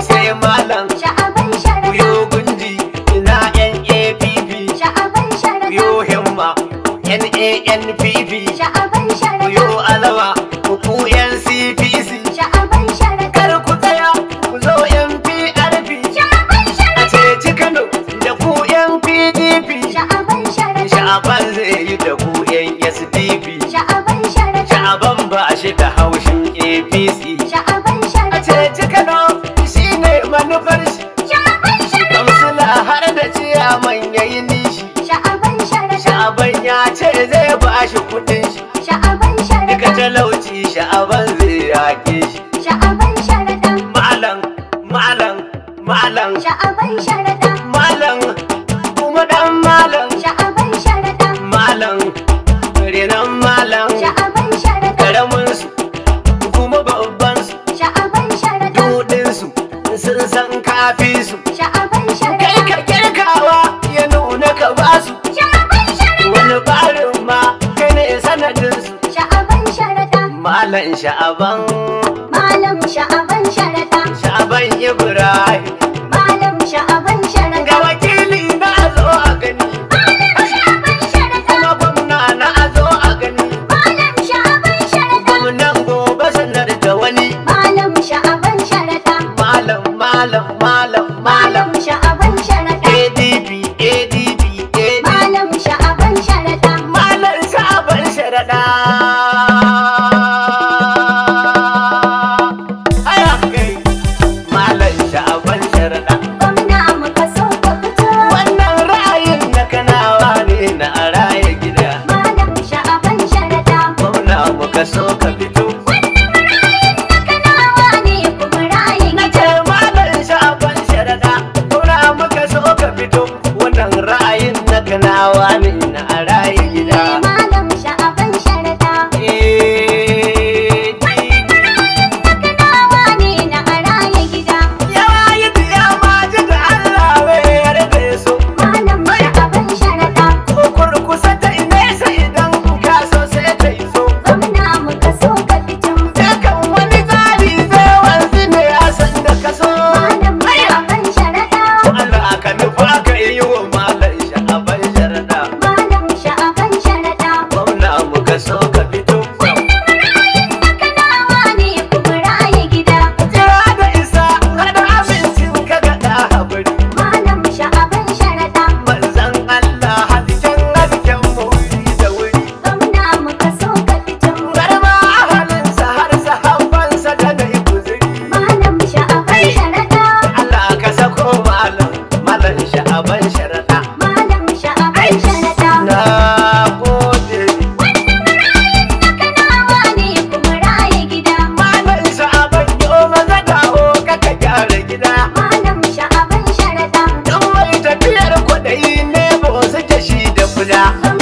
sai malam. Sha'aban Yo gunji ina NAPP. Sha'aban sharafi. Yo himma NANPP. Sha'aban talauci sha'aban zai yake shi sha'aban sharaɗan malam malam malam sha'aban sharaɗan Yeah.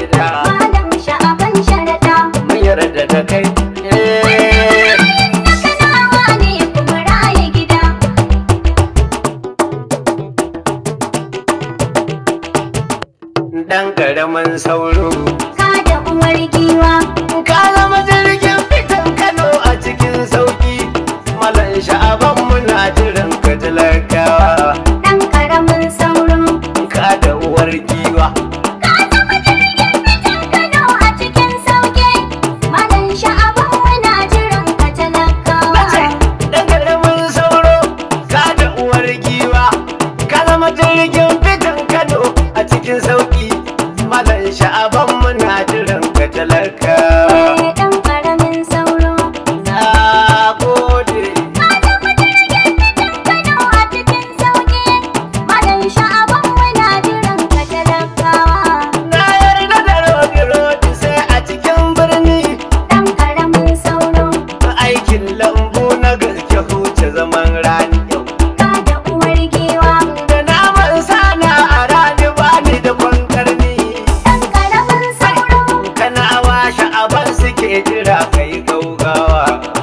Hare Rama ke jira kai gaugawa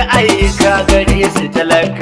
aika gare su talaka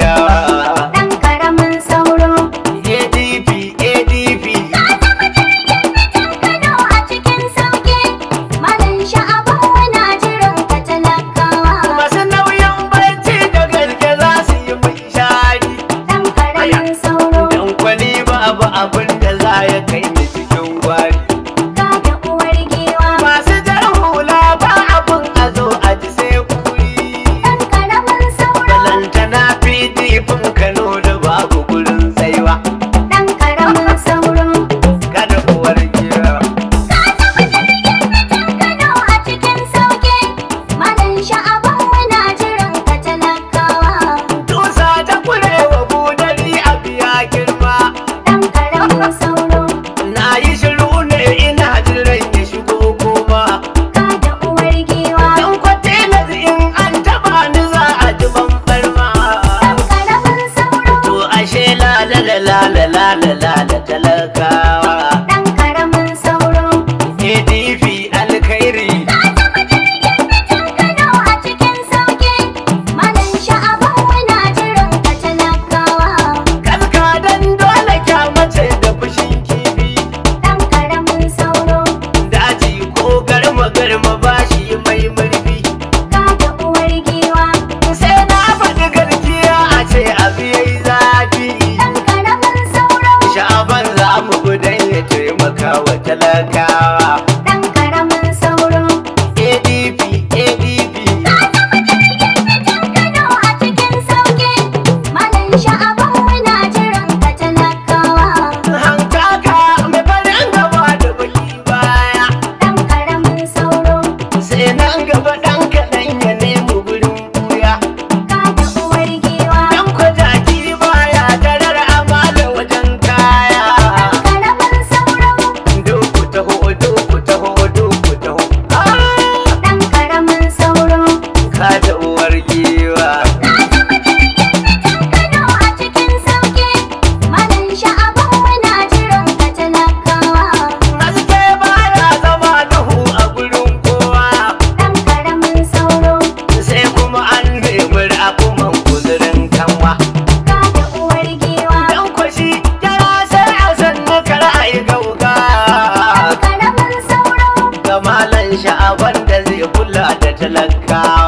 san sha'aban da zai kula da talakawa